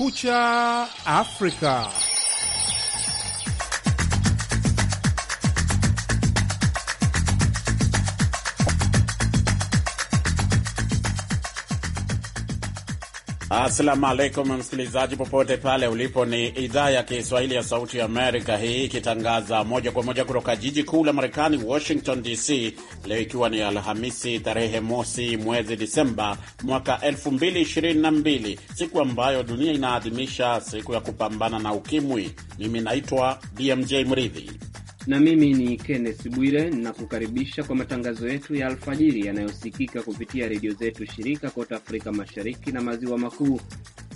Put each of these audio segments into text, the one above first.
Kumekucha Afrika. Assalamu alaikum msikilizaji, popote pale ulipo. Ni idhaa ya Kiswahili ya Sauti ya Amerika, hii ikitangaza moja kwa moja kutoka jiji kuu la Marekani, Washington DC, leo ikiwa ni Alhamisi tarehe mosi mwezi Disemba mwaka 2022, siku ambayo dunia inaadhimisha siku ya kupambana na Ukimwi. Mimi naitwa BMJ Mridhi na mimi ni Kenneth Bwire nakukaribisha kwa matangazo yetu ya alfajiri yanayosikika kupitia redio zetu shirika kote Afrika Mashariki na Maziwa Makuu,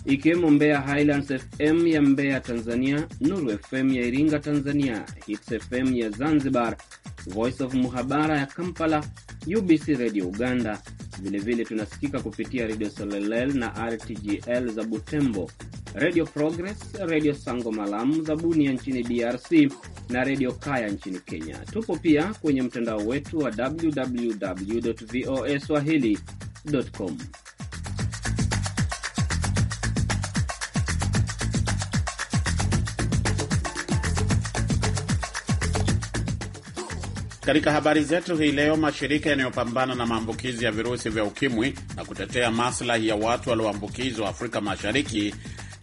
ikiwemo Mbeya Highlands FM ya Mbeya Tanzania, Nuru FM ya Iringa Tanzania, Hits FM ya Zanzibar, Voice of Muhabara ya Kampala, UBC Radio Uganda. Vilevile tunasikika kupitia redio Solelel na RTGL za Butembo, Radio Progress, Radio Sango Malamu za Bunia nchini DRC na Radio Kaya nchini Kenya. Tupo pia kwenye mtandao wetu wa www voa swahili.com. Katika habari zetu hii leo, mashirika yanayopambana na maambukizi ya virusi vya ukimwi na kutetea maslahi ya watu walioambukizwa Afrika Mashariki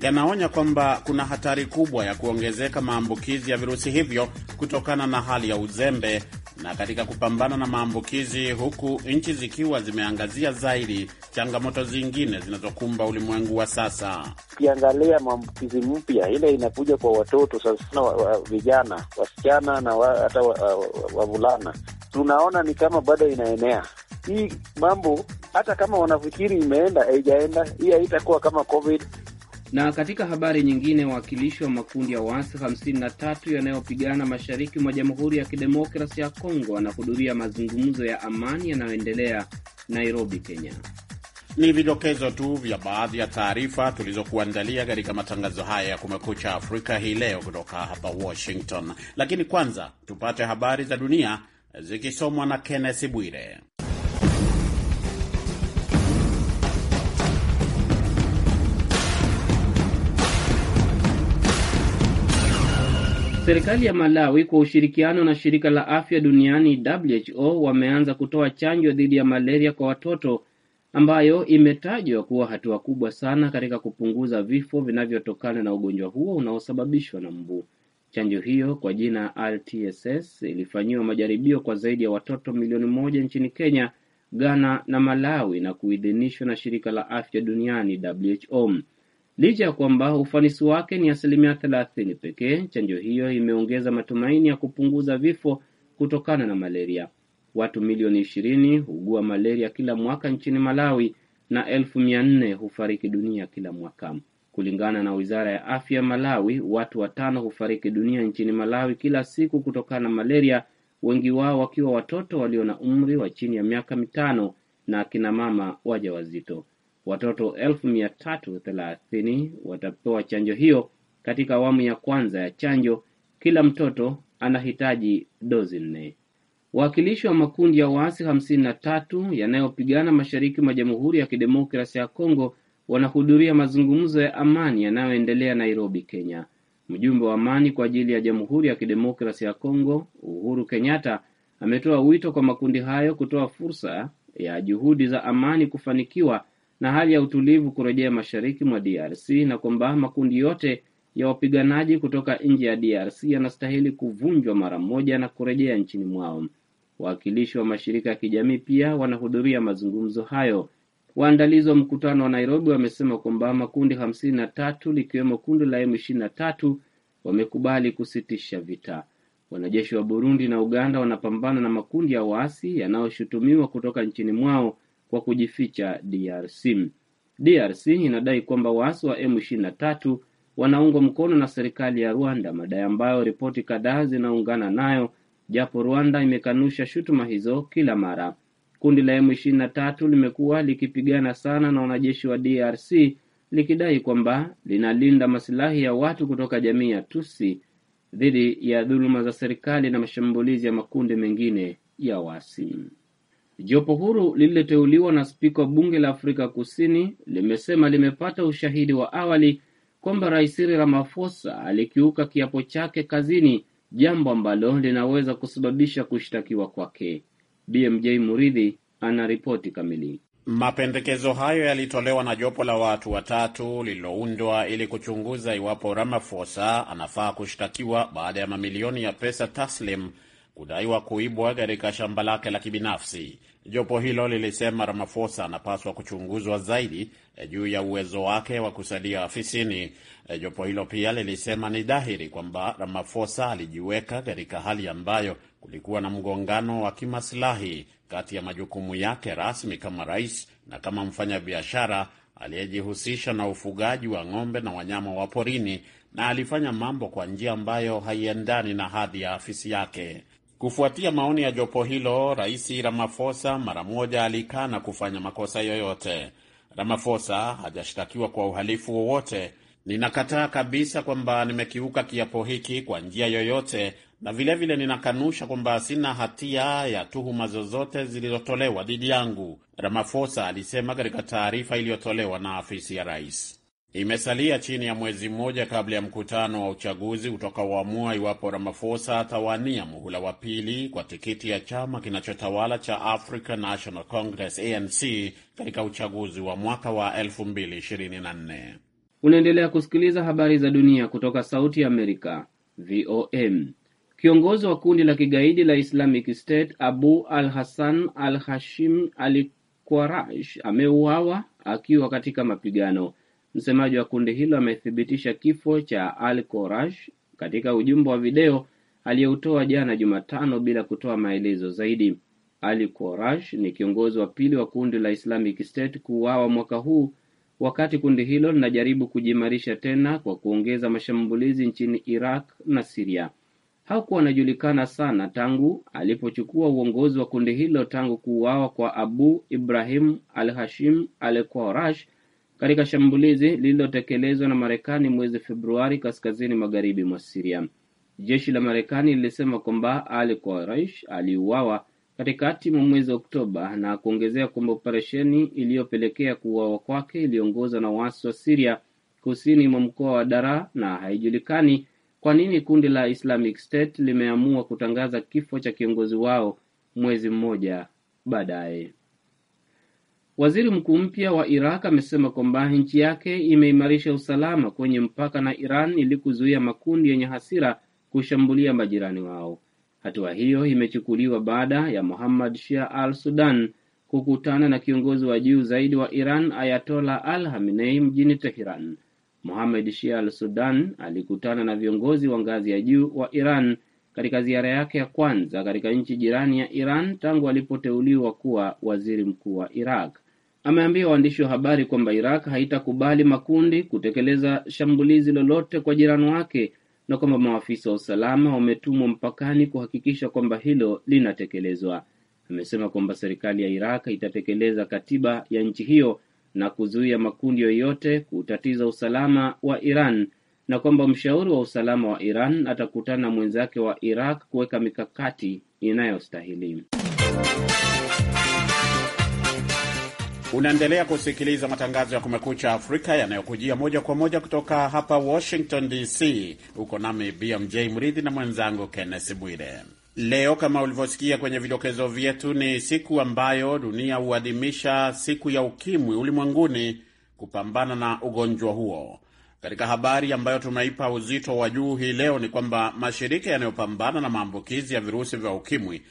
yanaonya kwamba kuna hatari kubwa ya kuongezeka maambukizi ya virusi hivyo kutokana na hali ya uzembe na katika kupambana na maambukizi, huku nchi zikiwa zimeangazia zaidi changamoto zingine zinazokumba ulimwengu wa sasa. Ukiangalia maambukizi mpya ile inakuja kwa watoto sana sana, wa, wa, vijana wasichana na wa, hata wavulana wa, wa tunaona ni kama bado inaenea hii mambo. Hata kama wanafikiri imeenda, haijaenda. Hii haitakuwa kama COVID na katika habari nyingine, wawakilishi wa makundi ya waasi 53 yanayopigana mashariki mwa Jamhuri ya Kidemokrasi ya Kongo wanahudhuria mazungumzo ya amani yanayoendelea Nairobi, Kenya. Ni vidokezo tu vya baadhi ya taarifa tulizokuandalia katika matangazo haya ya Kumekucha Afrika hii leo kutoka hapa Washington, lakini kwanza tupate habari za dunia zikisomwa na Kenneth Bwire. Serikali ya Malawi kwa ushirikiano na shirika la afya duniani WHO wameanza kutoa chanjo dhidi ya malaria kwa watoto ambayo imetajwa kuwa hatua kubwa sana katika kupunguza vifo vinavyotokana na ugonjwa huo unaosababishwa na mbu. Chanjo hiyo kwa jina RTSS ilifanyiwa majaribio kwa zaidi ya watoto milioni moja nchini Kenya, Ghana na Malawi na kuidhinishwa na shirika la afya duniani WHO. Licha ya kwamba ufanisi wake ni asilimia thelathini pekee, chanjo hiyo imeongeza matumaini ya kupunguza vifo kutokana na malaria. Watu milioni ishirini hugua malaria kila mwaka nchini Malawi na elfu mia nne hufariki dunia kila mwaka. Kulingana na wizara ya afya Malawi, watu watano hufariki dunia nchini Malawi kila siku kutokana na malaria, wengi wao wakiwa watoto walio na umri wa chini ya miaka mitano na akina mama wazito watoto elfu mia tatu thelathini watapewa chanjo hiyo katika awamu ya kwanza ya chanjo. Kila mtoto anahitaji dozi nne. Wawakilishi wa makundi ya waasi hamsini na tatu yanayopigana mashariki mwa Jamhuri ya Kidemokrasi ya Kongo wanahudhuria mazungumzo ya amani yanayoendelea Nairobi, Kenya. Mjumbe wa amani kwa ajili ya Jamhuri ya Kidemokrasi ya Kongo Uhuru Kenyatta ametoa wito kwa makundi hayo kutoa fursa ya juhudi za amani kufanikiwa na hali ya utulivu kurejea mashariki mwa DRC na kwamba makundi yote ya wapiganaji kutoka nje ya DRC yanastahili kuvunjwa mara moja na kurejea nchini mwao. Wawakilishi wa mashirika ya kijamii pia wanahudhuria mazungumzo hayo. Waandalizi wa mkutano wa Nairobi wamesema kwamba makundi hamsini na tatu likiwemo kundi la M ishirini na tatu wamekubali kusitisha vita. Wanajeshi wa Burundi na Uganda wanapambana na makundi ya waasi yanayoshutumiwa kutoka nchini mwao kwa kujificha DRC. DRC inadai kwamba waasi wa M23 wanaungwa mkono na serikali ya Rwanda, madai ambayo ripoti kadhaa zinaungana nayo, japo Rwanda imekanusha shutuma hizo kila mara. Kundi la M23 limekuwa likipigana sana na wanajeshi wa DRC likidai kwamba linalinda masilahi ya watu kutoka jamii ya Tusi dhidi ya dhuluma za serikali na mashambulizi ya makundi mengine ya wasi Jopo huru lililoteuliwa na spika wa bunge la Afrika Kusini limesema limepata ushahidi wa awali kwamba Rais Cyril Ramaphosa alikiuka kiapo chake kazini, jambo ambalo linaweza kusababisha kushtakiwa kwake. BMJ Muridhi ripoti kamili. Mapendekezo hayo yalitolewa na jopo la watu watatu lililoundwa ili kuchunguza iwapo Ramaphosa anafaa kushtakiwa baada ya mamilioni ya pesa taslim kudaiwa kuibwa katika shamba lake la kibinafsi. Jopo hilo lilisema Ramaphosa anapaswa kuchunguzwa zaidi eh, juu ya uwezo wake wa kusalia afisini. Eh, jopo hilo pia lilisema ni dhahiri kwamba Ramaphosa alijiweka katika hali ambayo kulikuwa na mgongano wa kimasilahi kati ya majukumu yake rasmi kama rais na kama mfanyabiashara aliyejihusisha na ufugaji wa ng'ombe na wanyama wa porini, na alifanya mambo kwa njia ambayo haiendani na hadhi ya afisi yake. Kufuatia maoni ya jopo hilo, Rais Ramaphosa mara moja alikana kufanya makosa yoyote. Ramaphosa hajashtakiwa kwa uhalifu wowote. Ninakataa kabisa kwamba nimekiuka kiapo hiki kwa njia yoyote, na vilevile vile ninakanusha kwamba sina hatia ya tuhuma zozote zilizotolewa dhidi yangu, Ramaphosa alisema katika taarifa iliyotolewa na afisi ya rais. Imesalia chini ya mwezi mmoja kabla ya mkutano wa uchaguzi utakaoamua iwapo Ramaphosa atawania muhula wa pili kwa tikiti ya chama kinachotawala cha African National Congress ANC katika uchaguzi wa mwaka wa 2024. Unaendelea kusikiliza habari za dunia kutoka Sauti ya Amerika VOM. Kiongozi wa kundi la kigaidi la Islamic State Abu al Hassan al Hashim al Quraish ameuawa akiwa katika mapigano Msemaji wa kundi hilo amethibitisha kifo cha Al Korash katika ujumbe wa video aliyoutoa jana Jumatano bila kutoa maelezo zaidi. Ali Korash ni kiongozi wa pili wa kundi la Islamic State kuuawa mwaka huu wakati kundi hilo linajaribu kujiimarisha tena kwa kuongeza mashambulizi nchini Iraq na Siria. Hakuwa anajulikana sana tangu alipochukua uongozi wa kundi hilo tangu kuuawa kwa Abu Ibrahim al Hashim al Korash katika shambulizi lililotekelezwa na Marekani mwezi Februari kaskazini magharibi mwa Siria. Jeshi la Marekani lilisema kwamba Ali Quraish aliuawa katikati mwa mwezi Oktoba na kuongezea kwamba operesheni iliyopelekea kuuawa kwake iliongozwa na waasi wa Siria kusini mwa mkoa wa Dara, na haijulikani kwa nini kundi la Islamic State limeamua kutangaza kifo cha kiongozi wao mwezi mmoja baadaye. Waziri mkuu mpya wa Iraq amesema kwamba nchi yake imeimarisha usalama kwenye mpaka na Iran ili kuzuia makundi yenye hasira kushambulia majirani wao. Hatua hiyo imechukuliwa baada ya Muhammad Shia al Sudan kukutana na kiongozi wa juu zaidi wa Iran Ayatola al Hamenei mjini Teheran. Muhammad Shia al Sudan alikutana na viongozi wa ngazi ya juu wa Iran katika ziara yake ya kwanza katika nchi jirani ya Iran tangu alipoteuliwa kuwa waziri mkuu wa Iraq. Ameambia waandishi wa habari kwamba Iraq haitakubali makundi kutekeleza shambulizi lolote kwa jirani wake na kwamba maafisa wa usalama wametumwa mpakani kuhakikisha kwamba hilo linatekelezwa. Amesema kwamba serikali ya Iraq itatekeleza katiba ya nchi hiyo na kuzuia makundi yoyote kutatiza usalama wa Iran na kwamba mshauri wa usalama wa Iran atakutana na mwenzake wa Iraq kuweka mikakati inayostahili. Unaendelea kusikiliza matangazo ya Kumekucha Afrika yanayokujia moja kwa moja kutoka hapa Washington DC. Uko nami BMJ Mridhi na mwenzangu Kenneth Bwire. Leo kama ulivyosikia kwenye vidokezo vyetu, ni siku ambayo dunia huadhimisha siku ya ukimwi ulimwenguni, kupambana na ugonjwa huo. Katika habari ambayo tumeipa uzito wa juu hii leo ni kwamba mashirika yanayopambana na maambukizi ya virusi vya ukimwi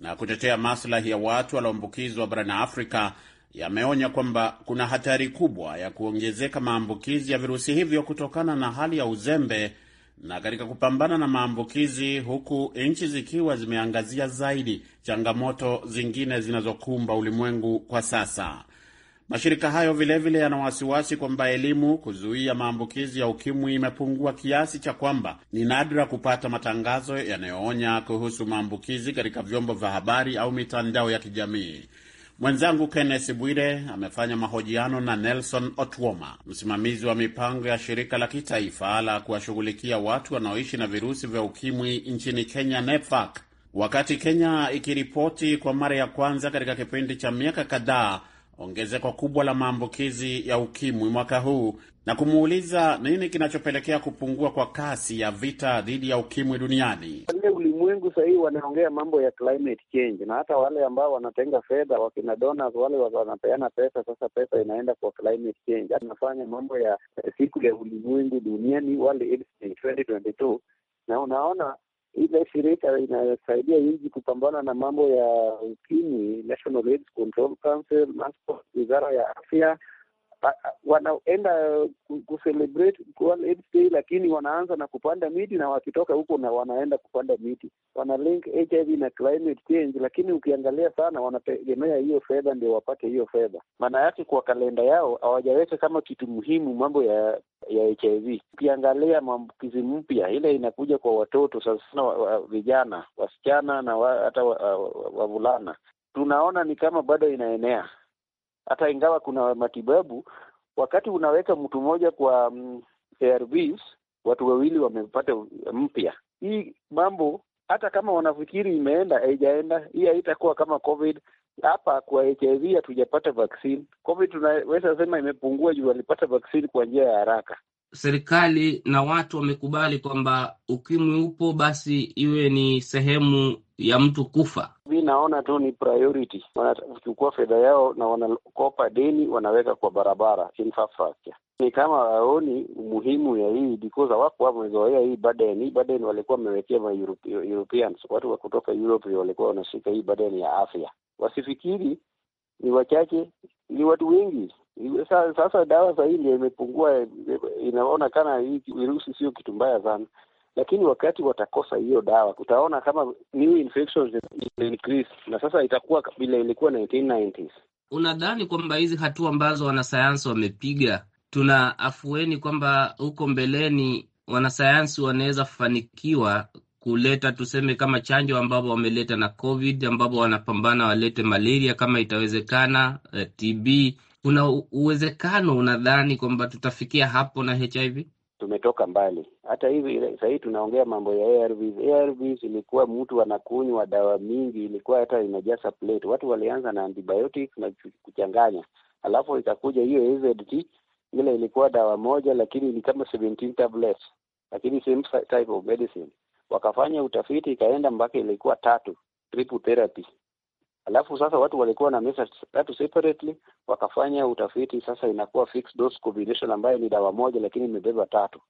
na kutetea maslahi ya watu walioambukizwa barani Afrika yameonya kwamba kuna hatari kubwa ya kuongezeka maambukizi ya virusi hivyo kutokana na hali ya uzembe na katika kupambana na maambukizi, huku nchi zikiwa zimeangazia zaidi changamoto zingine zinazokumba ulimwengu kwa sasa. Mashirika hayo vilevile yana wasiwasi kwamba elimu kuzuia maambukizi ya ukimwi imepungua kiasi cha kwamba ni nadra kupata matangazo yanayoonya kuhusu maambukizi katika vyombo vya habari au mitandao ya kijamii. Mwenzangu Kenneth Bwire amefanya mahojiano na Nelson Otwoma, msimamizi wa mipango ya shirika la kitaifa la kuwashughulikia watu wanaoishi na virusi vya ukimwi nchini Kenya, NEPHAK. Wakati Kenya ikiripoti kwa mara ya kwanza katika kipindi cha miaka kadhaa ongezeko kubwa la maambukizi ya ukimwi mwaka huu na kumuuliza nini kinachopelekea kupungua kwa kasi ya vita dhidi ya ukimwi duniani. Ulimwengu sahii wanaongea mambo ya climate change, na hata wale ambao wanatenga fedha, wakina donors wale wanapeana pesa, sasa pesa inaenda kwa climate change. Anafanya mambo ya siku ya ulimwengu duniani, wale 2022 na unaona ile shirika inayosaidia nchi kupambana na mambo ya ukimwi, National AIDS Control Council, wizara ya afya wanaenda kucelebrate World AIDS Day, lakini wanaanza na kupanda miti, na wakitoka huko na wanaenda kupanda miti. Wana link HIV na climate change, lakini ukiangalia sana wanategemea hiyo fedha ndio wapate hiyo fedha. Maana yake kwa kalenda yao hawajaweka kama kitu muhimu mambo ya ya HIV. Ukiangalia maambukizi mpya ile inakuja kwa watoto sasa sana, wa, vijana wasichana na wa, hata wavulana wa, wa tunaona ni kama bado inaenea hata ingawa kuna matibabu. Wakati unaweka mtu mmoja kwa um, mm, ARVs, watu wawili wamepata mpya. Hii mambo hata kama wanafikiri imeenda, haijaenda. Hii haitakuwa kama COVID. Hapa kwa HIV hatujapata vaccine. COVID tunaweza sema imepungua juu walipata vaccine kwa njia ya haraka. Serikali na watu wamekubali kwamba ukimwi upo, basi iwe ni sehemu ya mtu kufa. Mi naona tu ni priority, wanachukua fedha yao na wanakopa deni, wanaweka kwa barabara infrastructure. Ni kama waoni umuhimu ya hii because hawako wamezoea hii burden. Burden walikuwa wamewekea ma Europeans, watu wa kutoka Europe walikuwa wanashika hii burden ya afya. Wasifikiri ni wachache, ni watu wengi. Sasa dawa sahii ndio imepungua, eh, inaonekana hii virusi sio kitu mbaya sana lakini wakati watakosa hiyo dawa, utaona kama new infections increase, na sasa itakuwa vile ilikuwa 1990s. Unadhani kwamba hizi hatua ambazo wanasayansi wamepiga, tuna afueni kwamba huko mbeleni wanasayansi wanaweza fanikiwa kuleta tuseme, kama chanjo ambapo wameleta na COVID, ambapo wanapambana walete malaria kama itawezekana, eh, TB. Kuna uwezekano unadhani kwamba tutafikia hapo na HIV? tumetoka mbali. Hata hivi sasa tunaongea mambo ya ARVs. ARVs ilikuwa mtu anakunywa dawa mingi, ilikuwa hata inajaza plate. Watu walianza na antibiotics na kuchanganya, alafu ikakuja hiyo AZT, ile ilikuwa dawa moja, lakini ni kama 17 tablets, lakini same type of medicine. Wakafanya utafiti, ikaenda mpaka ilikuwa tatu, triple therapy Alafu sasa watu walikuwa na message tatu separately, wakafanya utafiti. Sasa inakuwa fixed dose combination ambayo ni dawa moja lakini imebeba tatu,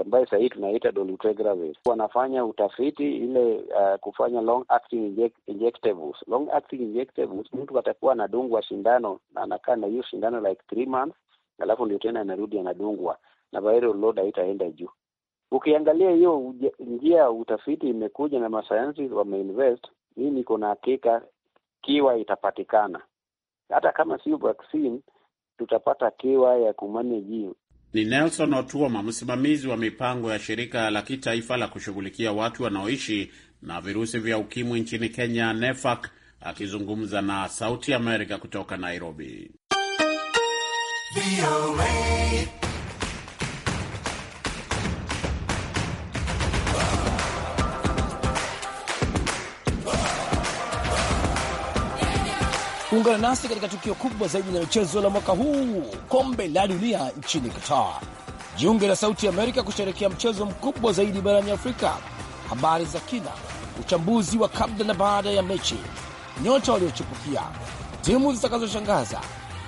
ambayo sasa hii tunaita dolutegravir. Wanafanya utafiti ile uh, kufanya long acting inject, injectables. Long acting injectables, mtu atakuwa anadungwa sindano na anakaa na hiyo sindano like three months, alafu ndio tena anarudi anadungwa na viral load haitaenda juu. Ukiangalia hiyo njia ya utafiti imekuja na masayansi wameinvest, hii niko na hakika kiwa itapatikana. Hata kama si vaccine, tutapata kiwa ya kumanage. Ni Nelson Otuoma, msimamizi wa mipango ya shirika la kitaifa la kushughulikia watu wanaoishi na virusi vya ukimwi nchini Kenya, NEFAC, akizungumza na Sauti Amerika kutoka Nairobi. Ungana nasi katika tukio kubwa zaidi la michezo la mwaka huu, kombe la dunia nchini Qatar. Jiunge na Sauti ya Amerika kusherekea mchezo mkubwa zaidi barani Afrika. Habari za kina, uchambuzi wa kabla na baada ya mechi, nyota waliochipukia, timu zitakazoshangaza,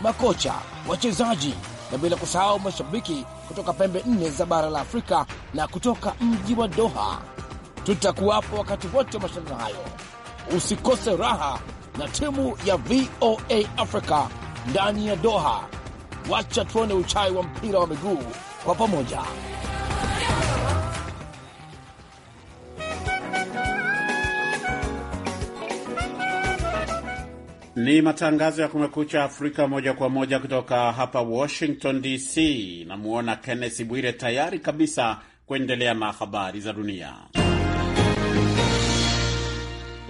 makocha, wachezaji na bila kusahau mashabiki kutoka pembe nne za bara la Afrika na kutoka mji wa Doha. Tutakuwapo wakati wote wa mashindano hayo, usikose raha na timu ya VOA Africa ndani ya Doha. Wacha tuone uchai wa mpira wa miguu kwa pamoja. Ni matangazo ya Kumekucha Afrika moja kwa moja kutoka hapa Washington DC. Namwona Kennes Bwire tayari kabisa kuendelea na habari za dunia.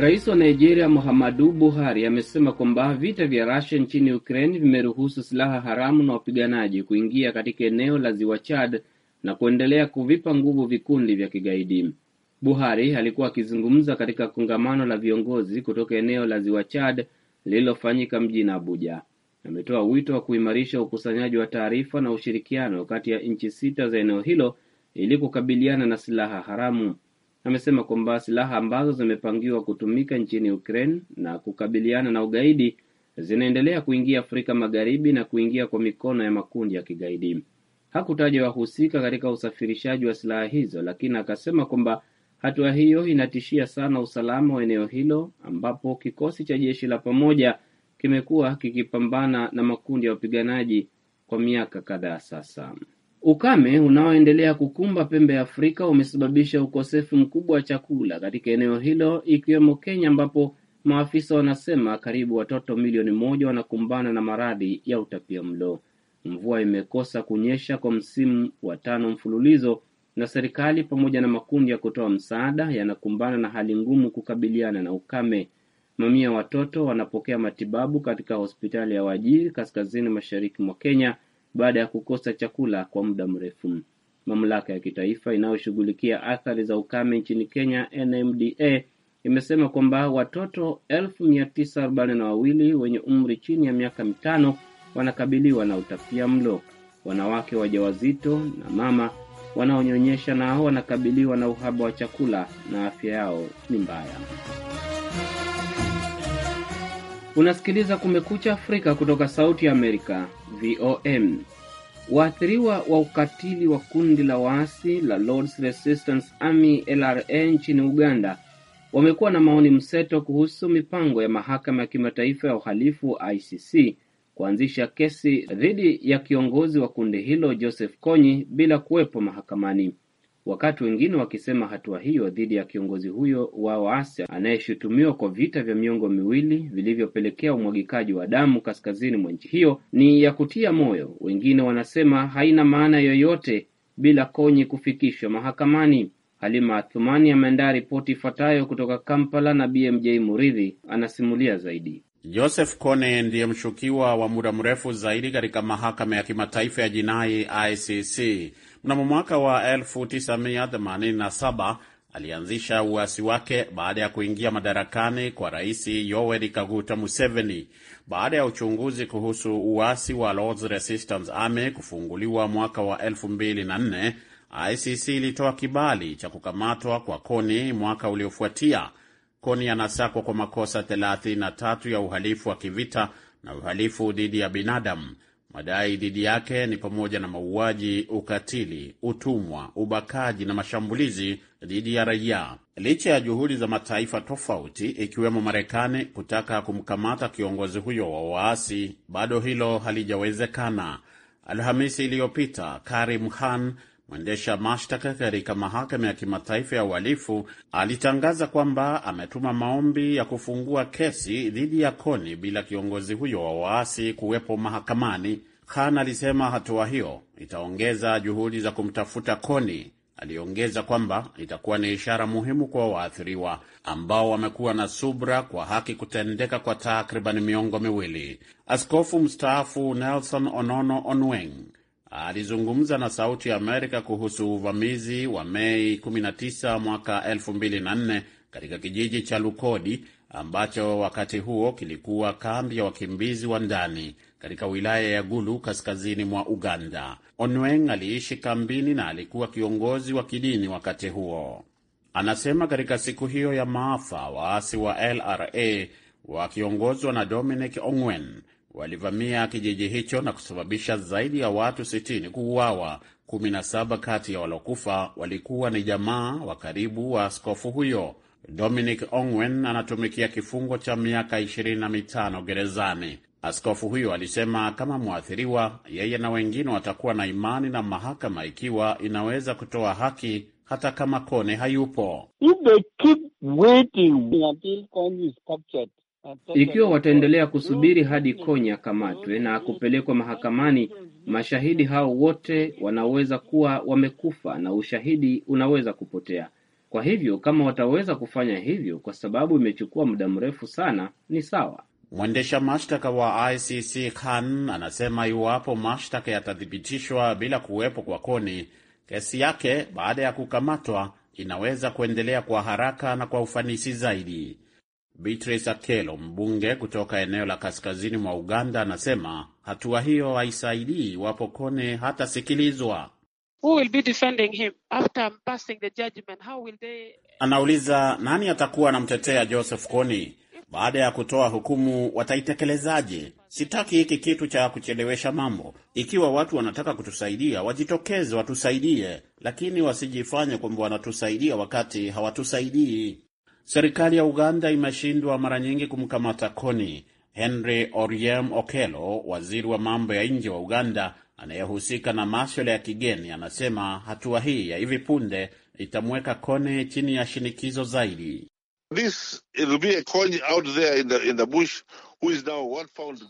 Rais wa Nigeria Muhammadu Buhari amesema kwamba vita vya Russia nchini Ukraine vimeruhusu silaha haramu na wapiganaji kuingia katika eneo la ziwa Chad na kuendelea kuvipa nguvu vikundi vya kigaidi. Buhari alikuwa akizungumza katika kongamano la viongozi kutoka eneo la ziwa Chad lililofanyika mjini Abuja. Ametoa wito wa kuimarisha ukusanyaji wa taarifa na ushirikiano kati ya nchi sita za eneo hilo ili kukabiliana na silaha haramu amesema kwamba silaha ambazo zimepangiwa kutumika nchini Ukraine na kukabiliana na ugaidi zinaendelea kuingia Afrika Magharibi na kuingia kwa mikono ya makundi ya kigaidi. Hakutaja wahusika katika usafirishaji wa silaha hizo, lakini akasema kwamba hatua hiyo inatishia sana usalama wa eneo hilo ambapo kikosi cha jeshi la pamoja kimekuwa kikipambana na makundi ya wapiganaji kwa miaka kadhaa sasa. Ukame unaoendelea kukumba pembe ya Afrika umesababisha ukosefu mkubwa wa chakula katika eneo hilo ikiwemo Kenya ambapo maafisa wanasema karibu watoto milioni moja wanakumbana na maradhi ya utapia mlo Mvua imekosa kunyesha kwa msimu wa tano mfululizo na serikali pamoja na makundi ya kutoa msaada yanakumbana na hali ngumu kukabiliana na ukame. Mamia watoto wanapokea matibabu katika hospitali ya Wajir kaskazini mashariki mwa Kenya baada ya kukosa chakula kwa muda mrefu. Mamlaka ya kitaifa inayoshughulikia athari za ukame nchini Kenya, NMDA, imesema kwamba watoto elfu wenye umri chini ya miaka mitano wanakabiliwa na utapia mlo. Wanawake wajawazito na mama wanaonyonyesha nao wanakabiliwa na uhaba wa chakula na afya yao ni mbaya. Unasikiliza Kumekucha Afrika kutoka Sauti ya Amerika, VOM. Waathiriwa wa ukatili wa kundi la waasi la Lords Resistance Army, LRA, nchini Uganda wamekuwa na maoni mseto kuhusu mipango ya mahakama ya kimataifa ya uhalifu ICC kuanzisha kesi dhidi ya kiongozi wa kundi hilo Joseph Kony bila kuwepo mahakamani wakati wengine wakisema hatua hiyo dhidi ya kiongozi huyo wa waasi anayeshutumiwa kwa vita vya miongo miwili vilivyopelekea umwagikaji wa damu kaskazini mwa nchi hiyo ni ya kutia moyo. Wengine wanasema haina maana yoyote bila Konyi kufikishwa mahakamani. Halima Athumani ameandaa ripoti ifuatayo kutoka Kampala na BMJ Muridhi anasimulia zaidi. Joseph Kone ndiye mshukiwa wa muda mrefu zaidi katika mahakama ya kimataifa ya jinai ICC Mnamo mwaka wa 1987 alianzisha uasi wake baada ya kuingia madarakani kwa Rais Yoweri Kaguta Museveni. Baada ya uchunguzi kuhusu uasi wa Lord's Resistance Army kufunguliwa mwaka wa 2004, ICC ilitoa kibali cha kukamatwa kwa Kony mwaka uliofuatia. Kony anasakwa kwa makosa 33 ya uhalifu wa kivita na uhalifu dhidi ya binadamu. Madai dhidi yake ni pamoja na mauaji, ukatili, utumwa, ubakaji na mashambulizi dhidi ya raia. Licha ya juhudi za mataifa tofauti ikiwemo Marekani kutaka kumkamata kiongozi huyo wa waasi, bado hilo halijawezekana. Alhamisi iliyopita Karim Khan Mwendesha mashtaka katika mahakama ya kimataifa ya uhalifu alitangaza kwamba ametuma maombi ya kufungua kesi dhidi ya Koni bila kiongozi huyo wa waasi kuwepo mahakamani. Khan alisema hatua hiyo itaongeza juhudi za kumtafuta Koni. Aliongeza kwamba itakuwa ni ishara muhimu kwa waathiriwa ambao wamekuwa na subra kwa haki kutendeka kwa takriban miongo miwili. Askofu mstaafu Nelson Onono Onweng alizungumza na Sauti ya Amerika kuhusu uvamizi wa Mei 19 mwaka 2004 katika kijiji cha Lukodi ambacho wakati huo kilikuwa kambi ya wakimbizi wa ndani katika wilaya ya Gulu kaskazini mwa Uganda. Onweng aliishi kambini na alikuwa kiongozi wa kidini wakati huo. Anasema katika siku hiyo ya maafa, waasi wa LRA wakiongozwa na Dominic Ongwen walivamia kijiji hicho na kusababisha zaidi ya watu 60 kuuawa. 17 kati ya waliokufa walikuwa ni jamaa wa karibu wa askofu huyo. Dominic Ongwen anatumikia kifungo cha miaka 25 gerezani. Askofu huyo alisema kama mwathiriwa, yeye na wengine watakuwa na imani na mahakama ikiwa inaweza kutoa haki hata kama Kone hayupo. If they keep waiting until Kone is captured, ikiwa wataendelea kusubiri hadi Konya akamatwe na kupelekwa mahakamani, mashahidi hao wote wanaweza kuwa wamekufa na ushahidi unaweza kupotea. Kwa hivyo kama wataweza kufanya hivyo, kwa sababu imechukua muda mrefu sana, ni sawa. Mwendesha mashtaka wa ICC Khan anasema iwapo mashtaka yatathibitishwa bila kuwepo kwa Koni, kesi yake baada ya kukamatwa inaweza kuendelea kwa haraka na kwa ufanisi zaidi. Beatrice Akelo, mbunge kutoka eneo la kaskazini mwa Uganda, anasema hatua hiyo haisaidii iwapo Kone hatasikilizwa. anauliza nani atakuwa anamtetea Joseph Kony baada ya kutoa hukumu, wataitekelezaje Sitaki hiki kitu cha kuchelewesha mambo. Ikiwa watu wanataka kutusaidia, wajitokeze watusaidie, lakini wasijifanye kwamba wanatusaidia wakati hawatusaidii. Serikali ya Uganda imeshindwa mara nyingi kumkamata koni Henry Oriem Okelo, waziri wa mambo ya nje wa Uganda anayehusika na maswala ya kigeni, anasema hatua hii ya hivi punde itamweka Kone chini ya shinikizo zaidi.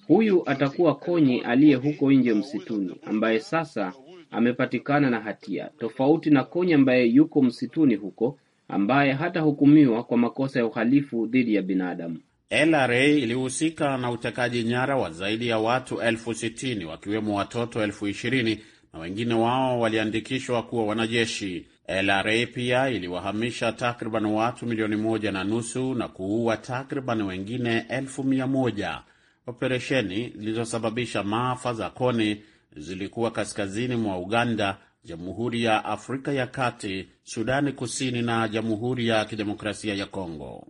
huyu atakuwa Konyi aliye huko nje msituni, ambaye sasa amepatikana na hatia, tofauti na Konyi ambaye yuko msituni huko ambaye hatahukumiwa kwa makosa ya uhalifu dhidi ya binadamu. LRA ilihusika na utekaji nyara wa zaidi ya watu elfu sitini wakiwemo watoto elfu ishirini na wengine wao waliandikishwa kuwa wanajeshi. LRA pia iliwahamisha takriban watu milioni moja na nusu na kuua takriban wengine elfu mia moja. Operesheni zilizosababisha maafa za Koni zilikuwa kaskazini mwa Uganda Jamhuri ya Afrika ya Kati, Sudani Kusini na Jamhuri ya Kidemokrasia ya Kongo.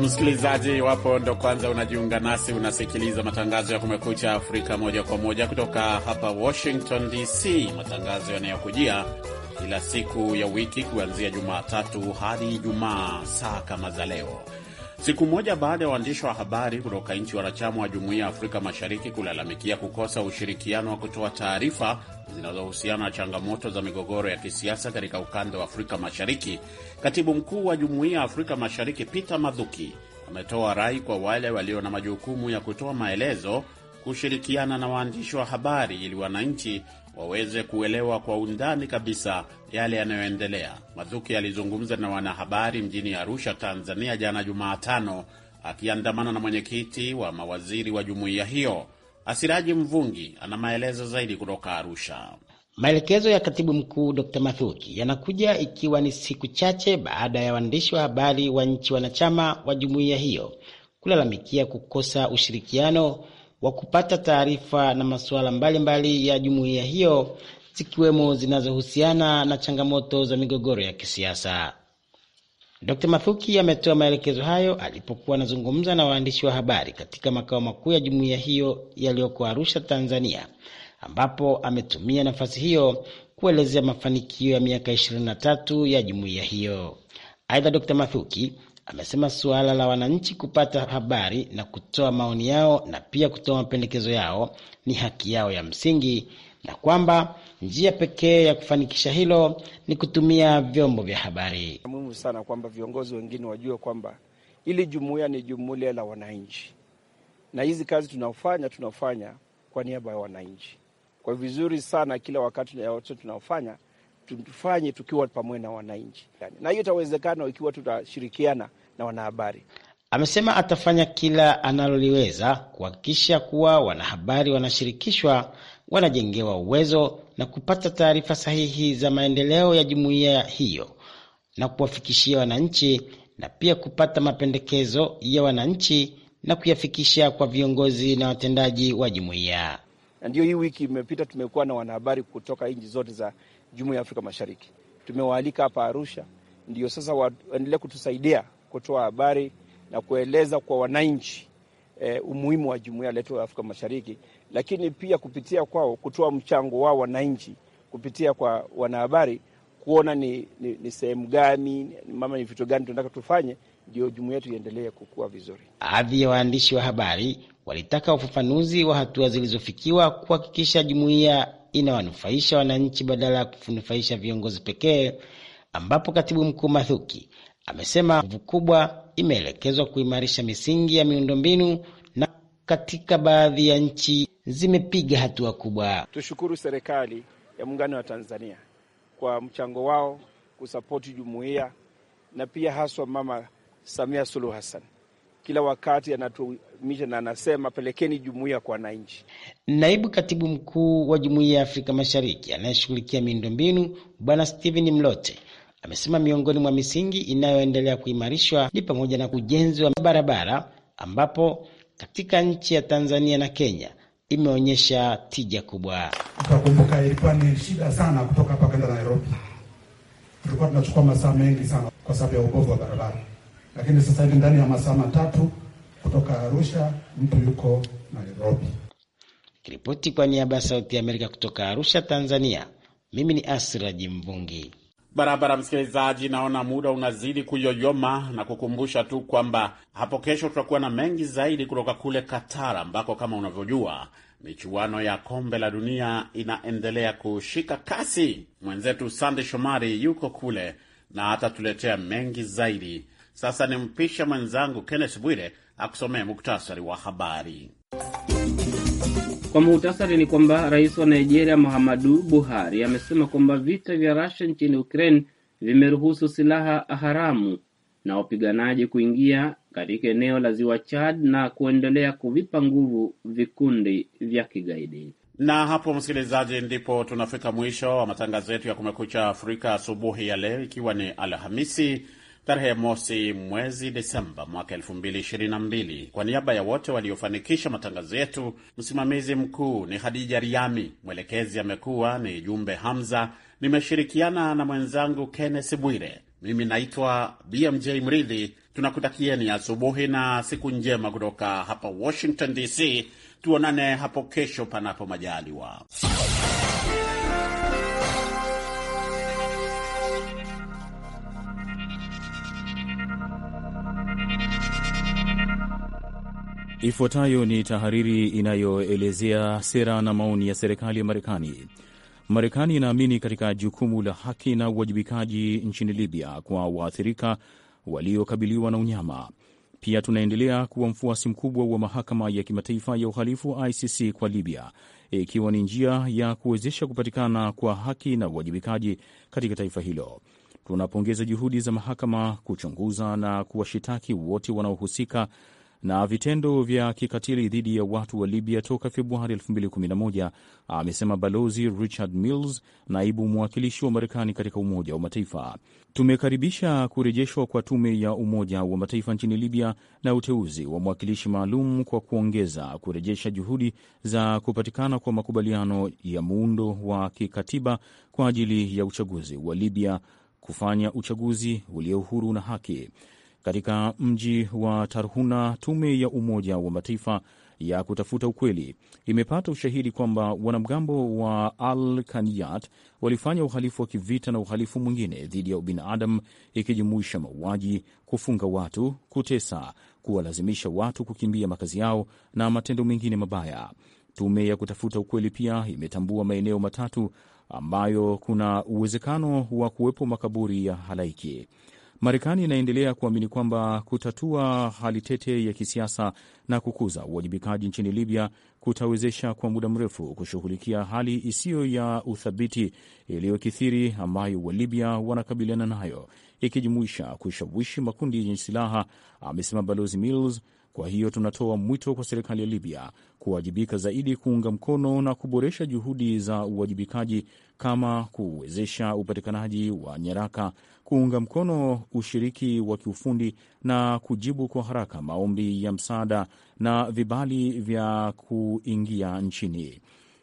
Msikilizaji, iwapo ndo kwanza unajiunga nasi, unasikiliza matangazo ya Kumekucha Afrika moja kwa moja kutoka hapa Washington DC, matangazo yanayokujia kila siku ya wiki kuanzia Jumatatu hadi Ijumaa saa kama za leo. Siku moja baada ya waandishi wa habari kutoka nchi wanachama wa Jumuiya ya Afrika Mashariki kulalamikia kukosa ushirikiano wa kutoa taarifa zinazohusiana na changamoto za migogoro ya kisiasa katika ukanda wa Afrika Mashariki, katibu mkuu wa Jumuiya ya Afrika Mashariki Peter Mathuki ametoa rai kwa wale walio na majukumu ya kutoa maelezo kushirikiana na waandishi wa habari ili wananchi waweze kuelewa kwa undani kabisa yale yanayoendelea. Mathuki alizungumza na wanahabari mjini Arusha, Tanzania jana Jumatano, akiandamana na mwenyekiti wa mawaziri wa jumuiya hiyo. Asiraji Mvungi ana maelezo zaidi kutoka Arusha. Maelekezo ya katibu mkuu Dr. Mathuki yanakuja ikiwa ni siku chache baada ya waandishi wa habari wa nchi wanachama wa jumuiya hiyo kulalamikia kukosa ushirikiano wa kupata taarifa na masuala mbalimbali ya jumuiya hiyo zikiwemo zinazohusiana na changamoto za migogoro ya kisiasa. d Mathuki ametoa maelekezo hayo alipokuwa anazungumza na waandishi wa habari katika makao makuu ya jumuiya hiyo yaliyoko Arusha, Tanzania, ambapo ametumia nafasi hiyo kuelezea mafanikio ya miaka 23 ya jumuiya hiyo. Aidha, Dr. Mathuki amesema suala la wananchi kupata habari na kutoa maoni yao na pia kutoa mapendekezo yao ni haki yao ya msingi na kwamba njia pekee ya kufanikisha hilo ni kutumia vyombo vya habari. Muhimu sana kwamba viongozi wengine wajue kwamba ili jumuiya ni jumuiya la wananchi, na hizi kazi tunaofanya tunaofanya kwa niaba ya wananchi. Kwa vizuri sana kila wakati yote tunaofanya tufanye tukiwa pamoja na wananchi, yani, na hiyo itawezekana ikiwa tutashirikiana na wanahabari. Amesema atafanya kila analoliweza kuhakikisha kuwa wanahabari wanashirikishwa, wanajengewa uwezo na kupata taarifa sahihi za maendeleo ya jumuiya hiyo na kuwafikishia wananchi, na pia kupata mapendekezo ya wananchi na kuyafikisha kwa viongozi na watendaji wa jumuiya. Na ndiyo hii wiki imepita tumekuwa na wanahabari kutoka nchi zote za Jumuiya ya Afrika Mashariki. Tumewaalika hapa Arusha ndio sasa waendelee kutusaidia kutoa habari na kueleza kwa wananchi e, umuhimu wa jumuiya letu ya Afrika Mashariki, lakini pia kupitia kwao kutoa mchango wao wananchi kupitia kwa wanahabari kuona ni, ni, ni sehemu gani mama, ni vitu gani tunataka tufanye ndio jumuiya yetu iendelee kukua vizuri. Baadhi ya waandishi wa habari walitaka ufafanuzi wa hatua zilizofikiwa kuhakikisha jumuiya inawanufaisha wananchi badala ya kunufaisha viongozi pekee, ambapo katibu mkuu Mathuki amesema nguvu kubwa imeelekezwa kuimarisha misingi ya miundombinu na katika baadhi ya nchi zimepiga hatua kubwa. Tushukuru serikali ya muungano wa Tanzania kwa mchango wao kusapoti jumuiya na pia haswa Mama Samia Suluhu Hassan kila wakati anatumisha na anasema pelekeni jumuiya kwa wananchi. Naibu katibu mkuu wa jumuiya ya Afrika Mashariki anayeshughulikia miundombinu Bwana Steven Mlote amesema miongoni mwa misingi inayoendelea kuimarishwa ni pamoja na ujenzi wa barabara ambapo katika nchi ya Tanzania na Kenya imeonyesha tija kubwa. Utakumbuka ilikuwa ni shida sana kutoka hapa kwenda Nairobi, tulikuwa tunachukua masaa mengi sana kwa sababu ya ubovu wa barabara lakini sasa hivi ndani ya masaa matatu kutoka Arusha mtu yuko Nairobi. Kiripoti kwa niaba ya Sauti ya Amerika kutoka Arusha, Tanzania, mimi ni Asraji Mvungi. Barabara msikilizaji, naona muda unazidi kuyoyoma na kukumbusha tu kwamba hapo kesho tutakuwa na mengi zaidi kutoka kule Qatar, ambako kama unavyojua michuano ya kombe la dunia inaendelea kushika kasi. Mwenzetu Sande Shomari yuko kule na atatuletea mengi zaidi sasa ni mpisha mwenzangu Kenneth Bwire akusomee muktasari wa habari. Kwa muhtasari ni kwamba rais wa Nigeria Muhammadu Buhari amesema kwamba vita vya Russia nchini Ukraine vimeruhusu silaha haramu na wapiganaji kuingia katika eneo la ziwa Chad na kuendelea kuvipa nguvu vikundi vya kigaidi. Na hapo, msikilizaji, ndipo tunafika mwisho wa matangazo yetu ya Kumekucha Afrika asubuhi ya leo, ikiwa ni Alhamisi tarehe mosi mwezi Desemba mwaka mbili. Kwa niaba ya wote waliofanikisha matangazo yetu, msimamizi mkuu ni Hadija Riami, mwelekezi amekuwa ni Jumbe Hamza, nimeshirikiana na mwenzangu kennes Bwire. Mimi naitwa BMJ Mridhi. Tunakutakieni asubuhi na siku njema kutoka hapa Washington DC. Tuonane hapo kesho, panapo majaliwa. Ifuatayo ni tahariri inayoelezea sera na maoni ya serikali ya Marekani. Marekani inaamini katika jukumu la haki na uwajibikaji nchini Libya kwa waathirika waliokabiliwa na unyama. Pia tunaendelea kuwa mfuasi mkubwa wa mahakama ya kimataifa ya uhalifu ICC kwa Libya, ikiwa ni njia ya kuwezesha kupatikana kwa haki na uwajibikaji katika taifa hilo. Tunapongeza juhudi za mahakama kuchunguza na kuwashitaki wote wanaohusika na vitendo vya kikatili dhidi ya watu wa Libya toka Februari 2011, amesema Balozi Richard Mills, naibu mwakilishi wa Marekani katika Umoja wa Mataifa. Tumekaribisha kurejeshwa kwa tume ya Umoja wa Mataifa nchini Libya na uteuzi wa mwakilishi maalum kwa kuongeza kurejesha juhudi za kupatikana kwa makubaliano ya muundo wa kikatiba kwa ajili ya uchaguzi wa Libya, kufanya uchaguzi ulio huru na haki katika mji wa Tarhuna, tume ya Umoja wa Mataifa ya kutafuta ukweli imepata ushahidi kwamba wanamgambo wa Al Kaniyat walifanya uhalifu wa kivita na uhalifu mwingine dhidi ya ubinadamu ikijumuisha mauaji, kufunga watu, kutesa, kuwalazimisha watu kukimbia makazi yao na matendo mengine mabaya. Tume ya kutafuta ukweli pia imetambua maeneo matatu ambayo kuna uwezekano wa kuwepo makaburi ya halaiki. Marekani inaendelea kuamini kwamba kutatua hali tete ya kisiasa na kukuza uwajibikaji nchini Libya kutawezesha kwa muda mrefu kushughulikia hali isiyo ya uthabiti iliyokithiri ambayo Walibya wanakabiliana nayo ikijumuisha kushawishi makundi yenye silaha, amesema Balozi Mills kwa hiyo tunatoa mwito kwa serikali ya Libya kuwajibika zaidi, kuunga mkono na kuboresha juhudi za uwajibikaji kama kuwezesha upatikanaji wa nyaraka, kuunga mkono ushiriki wa kiufundi na kujibu kwa haraka maombi ya msaada na vibali vya kuingia nchini.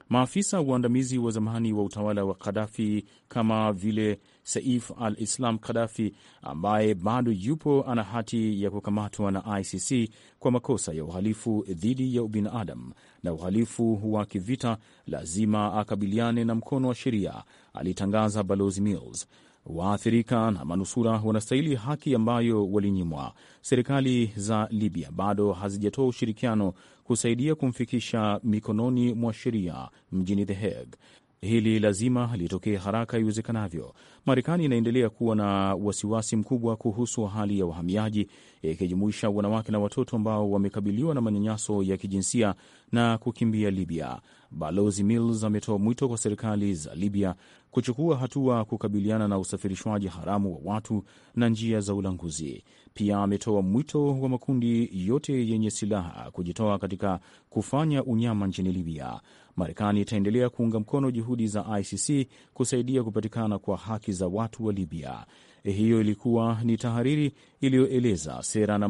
Maafisa waandamizi wa zamani wa utawala wa Kadafi kama vile Saif al-Islam Gaddafi ambaye bado yupo ana hati ya kukamatwa na ICC kwa makosa ya uhalifu dhidi ya ubinadamu na uhalifu wa kivita, lazima akabiliane na mkono wa sheria, alitangaza Balozi Mills. Waathirika na manusura wanastahili haki ambayo walinyimwa. Serikali za Libya bado hazijatoa ushirikiano kusaidia kumfikisha mikononi mwa sheria mjini The Hague. Hili lazima litokee haraka iwezekanavyo. Marekani inaendelea kuwa na wasiwasi mkubwa kuhusu hali ya wahamiaji, ikijumuisha wanawake na watoto ambao wamekabiliwa na manyanyaso ya kijinsia na kukimbia Libya. Balozi Mills ametoa mwito kwa serikali za Libya kuchukua hatua kukabiliana na usafirishwaji haramu wa watu na njia za ulanguzi. Pia ametoa mwito wa makundi yote yenye silaha kujitoa katika kufanya unyama nchini Libya. Marekani itaendelea kuunga mkono juhudi za ICC kusaidia kupatikana kwa haki za watu wa Libya. Eh, hiyo ilikuwa ni tahariri iliyoeleza sera na